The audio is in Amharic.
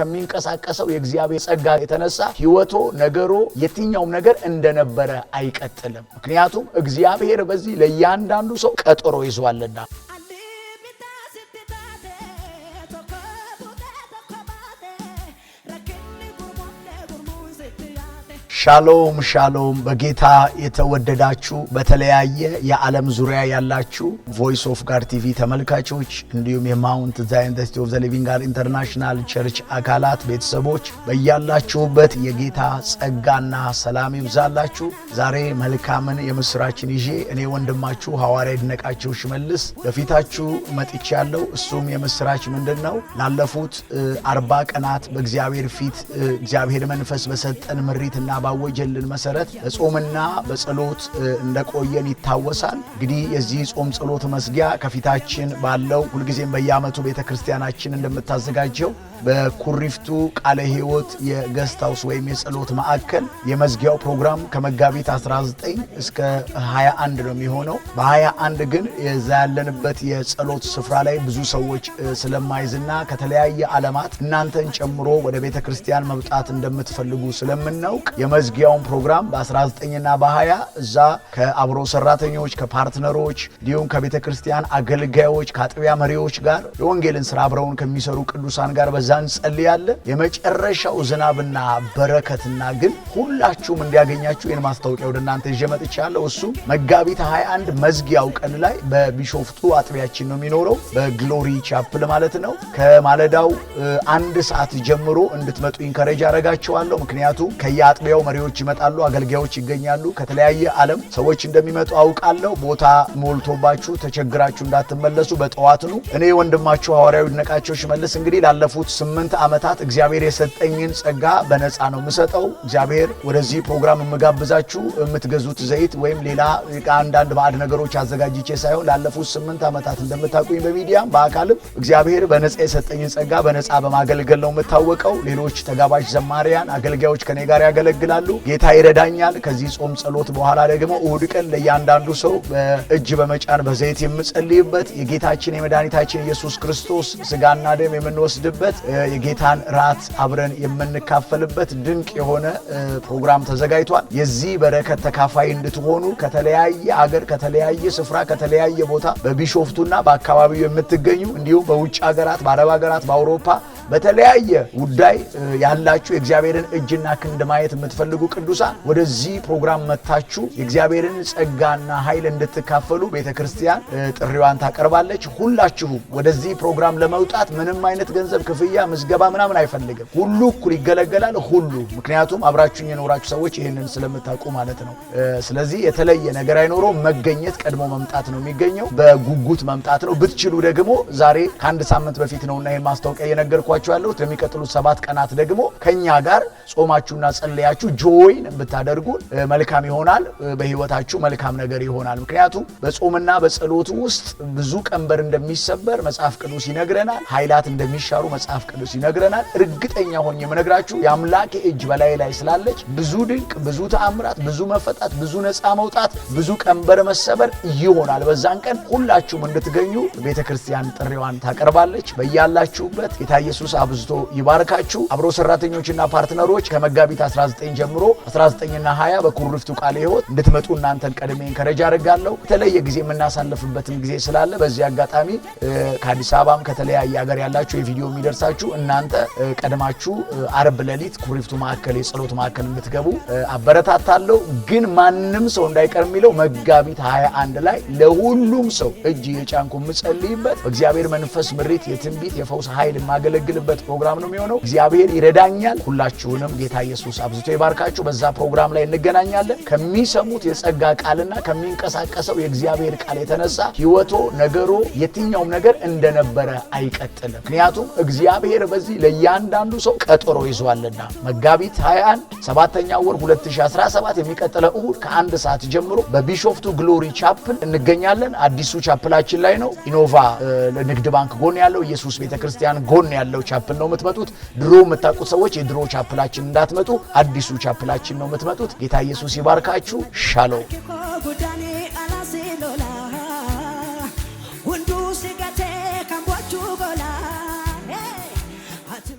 ከሚንቀሳቀሰው የእግዚአብሔር ጸጋ የተነሳ ህይወቶ፣ ነገሮ፣ የትኛውም ነገር እንደነበረ አይቀጥልም። ምክንያቱም እግዚአብሔር በዚህ ለእያንዳንዱ ሰው ቀጠሮ ይዟልና። ሻሎም ሻሎም፣ በጌታ የተወደዳችሁ በተለያየ የዓለም ዙሪያ ያላችሁ ቮይስ ኦፍ ጋድ ቲቪ ተመልካቾች እንዲሁም የማውንት ዛይን ዩኒቨርሲቲ ኦፍ ዘ ሊቪንግ ጋድ ኢንተርናሽናል ቸርች አካላት ቤተሰቦች በያላችሁበት የጌታ ጸጋና ሰላም ይብዛላችሁ። ዛሬ መልካምን የምስራችን ይዤ እኔ ወንድማችሁ ሐዋርያ ይድነቃቸው ሽመልስ በፊታችሁ ያለው እሱም የምስራች ምንድን ነው? ላለፉት አርባ ቀናት በእግዚአብሔር ፊት እግዚአብሔር መንፈስ በሰጠን ምሪትና ባወጀልን መሰረት በጾምና በጸሎት እንደቆየን ይታወሳል። እንግዲህ የዚህ ጾም ጸሎት መዝጊያ ከፊታችን ባለው ሁልጊዜም በየዓመቱ ቤተ ክርስቲያናችን እንደምታዘጋጀው በኩሪፍቱ ቃለ ሕይወት የገስታውስ ወይም የጸሎት ማዕከል የመዝጊያው ፕሮግራም ከመጋቢት 19 እስከ 21 ነው የሚሆነው። በ21 ግን የዛ ያለንበት የጸሎት ስፍራ ላይ ብዙ ሰዎች ስለማይዝና ከተለያየ ዓለማት እናንተን ጨምሮ ወደ ቤተ ክርስቲያን መምጣት እንደምትፈልጉ ስለምናውቅ የመዝጊያውን ፕሮግራም በ19ና በ20 እዛ ከአብሮ ሰራተኞች፣ ከፓርትነሮች እንዲሁም ከቤተ ክርስቲያን አገልጋዮች፣ ከአጥቢያ መሪዎች ጋር የወንጌልን ስራ አብረውን ከሚሰሩ ቅዱሳን ጋር በዛ ለዛ እንጸልያለን። የመጨረሻው ዝናብና በረከትና ግን ሁላችሁም እንዲያገኛችሁ ይህን ማስታወቂያ ወደ እናንተ ይዤ መጥቻለሁ። እሱ መጋቢት 21 መዝጊያው ቀን ላይ በቢሾፍቱ አጥቢያችን ነው የሚኖረው፣ በግሎሪ ቻፕል ማለት ነው። ከማለዳው አንድ ሰዓት ጀምሮ እንድትመጡ ኢንከሬጅ አረጋችኋለሁ። ምክንያቱም ከየአጥቢያው መሪዎች ይመጣሉ፣ አገልጋዮች ይገኛሉ። ከተለያየ ዓለም ሰዎች እንደሚመጡ አውቃለሁ። ቦታ ሞልቶባችሁ ተቸግራችሁ እንዳትመለሱ በጠዋት ኑ። እኔ ወንድማችሁ ሐዋርያው ይድነቃቸው ሽመልስ እንግዲህ ላለፉት ስምንት ዓመታት እግዚአብሔር የሰጠኝን ጸጋ በነፃ ነው የምሰጠው። እግዚአብሔር ወደዚህ ፕሮግራም የምጋብዛችሁ የምትገዙት ዘይት ወይም ሌላ አንዳንድ ባዕድ ነገሮች አዘጋጅቼ ሳይሆን ላለፉት ስምንት ዓመታት እንደምታውቁኝ በሚዲያም በአካልም እግዚአብሔር በነፃ የሰጠኝን ጸጋ በነፃ በማገልገል ነው የምታወቀው። ሌሎች ተጋባዥ ዘማሪያን አገልጋዮች ከኔ ጋር ያገለግላሉ። ጌታ ይረዳኛል። ከዚህ ጾም ጸሎት በኋላ ደግሞ እሁድ ቀን ለእያንዳንዱ ሰው በእጅ በመጫን በዘይት የምጸልይበት የጌታችን የመድኃኒታችን ኢየሱስ ክርስቶስ ስጋና ደም የምንወስድበት የጌታን ራት አብረን የምንካፈልበት ድንቅ የሆነ ፕሮግራም ተዘጋጅቷል። የዚህ በረከት ተካፋይ እንድትሆኑ ከተለያየ አገር፣ ከተለያየ ስፍራ፣ ከተለያየ ቦታ በቢሾፍቱና በአካባቢው የምትገኙ እንዲሁም በውጭ ሀገራት፣ በአረብ ሀገራት፣ በአውሮፓ በተለያየ ጉዳይ ያላችሁ የእግዚአብሔርን እጅና ክንድ ማየት የምትፈልጉ ቅዱሳን ወደዚህ ፕሮግራም መታችሁ የእግዚአብሔርን ጸጋና ኃይል እንድትካፈሉ ቤተ ክርስቲያን ጥሪዋን ታቀርባለች። ሁላችሁም ወደዚህ ፕሮግራም ለመውጣት ምንም አይነት ገንዘብ ክፍያ፣ ምዝገባ ምናምን አይፈልግም። ሁሉ እኩል ይገለገላል። ሁሉ ምክንያቱም አብራችሁኝ የኖራችሁ ሰዎች ይህንን ስለምታውቁ ማለት ነው። ስለዚህ የተለየ ነገር አይኖረው። መገኘት ቀድሞ መምጣት ነው የሚገኘው። በጉጉት መምጣት ነው። ብትችሉ ደግሞ ዛሬ ከአንድ ሳምንት በፊት ነውና ይህን ማስታወቂያ የነገርኳቸው እያልኳችሁ ያለሁት ለሚቀጥሉት ሰባት ቀናት ደግሞ ከኛ ጋር ጾማችሁና ጸለያችሁ ጆይን ብታደርጉን መልካም ይሆናል። በህይወታችሁ መልካም ነገር ይሆናል። ምክንያቱም በጾምና በጸሎቱ ውስጥ ብዙ ቀንበር እንደሚሰበር መጽሐፍ ቅዱስ ይነግረናል። ኃይላት እንደሚሻሩ መጽሐፍ ቅዱስ ይነግረናል። እርግጠኛ ሆኜ የምነግራችሁ የአምላክ እጅ በላይ ላይ ስላለች ብዙ ድንቅ፣ ብዙ ተአምራት፣ ብዙ መፈጣት፣ ብዙ ነፃ መውጣት፣ ብዙ ቀንበር መሰበር ይሆናል። በዛን ቀን ሁላችሁም እንድትገኙ ቤተ ክርስቲያን ጥሪዋን ታቀርባለች። በያላችሁበት ጌታ ኢየሱስ ቅዱስ አብዝቶ ይባርካችሁ። አብሮ ሰራተኞችና ፓርትነሮች ከመጋቢት 19 ጀምሮ 19ና 20 በኩሪፍቱ ቃለ ሕይወት እንድትመጡ እናንተን ቀድሜ ከረጃ አደርጋለሁ። የተለየ ጊዜ የምናሳልፍበትም ጊዜ ስላለ በዚህ አጋጣሚ ከአዲስ አበባም ከተለያየ ሀገር ያላችሁ የቪዲዮ የሚደርሳችሁ እናንተ ቀድማችሁ አርብ ሌሊት ኩሪፍቱ ማዕከል የጸሎት ማዕከል እንድትገቡ አበረታታለሁ። ግን ማንም ሰው እንዳይቀር የሚለው መጋቢት 21 ላይ ለሁሉም ሰው እጅ የጫንኩ የምጸልይበት በእግዚአብሔር መንፈስ ምሪት የትንቢት የፈውስ ኃይል የማገለግል የምናገለግልበት ፕሮግራም ነው የሚሆነው። እግዚአብሔር ይረዳኛል። ሁላችሁንም ጌታ ኢየሱስ አብዝቶ ይባርካችሁ። በዛ ፕሮግራም ላይ እንገናኛለን። ከሚሰሙት የጸጋ ቃልና ከሚንቀሳቀሰው የእግዚአብሔር ቃል የተነሳ ህይወቶ፣ ነገሮ፣ የትኛውም ነገር እንደነበረ አይቀጥልም። ምክንያቱም እግዚአብሔር በዚህ ለእያንዳንዱ ሰው ቀጠሮ ይዟልና መጋቢት 21 ሰባተኛ ወር 2017 የሚቀጥለው እሁድ ከአንድ ሰዓት ጀምሮ በቢሾፍቱ ግሎሪ ቻፕል እንገኛለን። አዲሱ ቻፕላችን ላይ ነው። ኢኖቫ ንግድ ባንክ ጎን ያለው ኢየሱስ ቤተክርስቲያን ጎን ያለው የዛሬው ቻፕል ነው የምትመጡት። ድሮ የምታውቁ ሰዎች የድሮ ቻፕላችን እንዳትመጡ፣ አዲሱ ቻፕላችን ነው የምትመጡት። ጌታ ኢየሱስ ይባርካችሁ። ሻሎም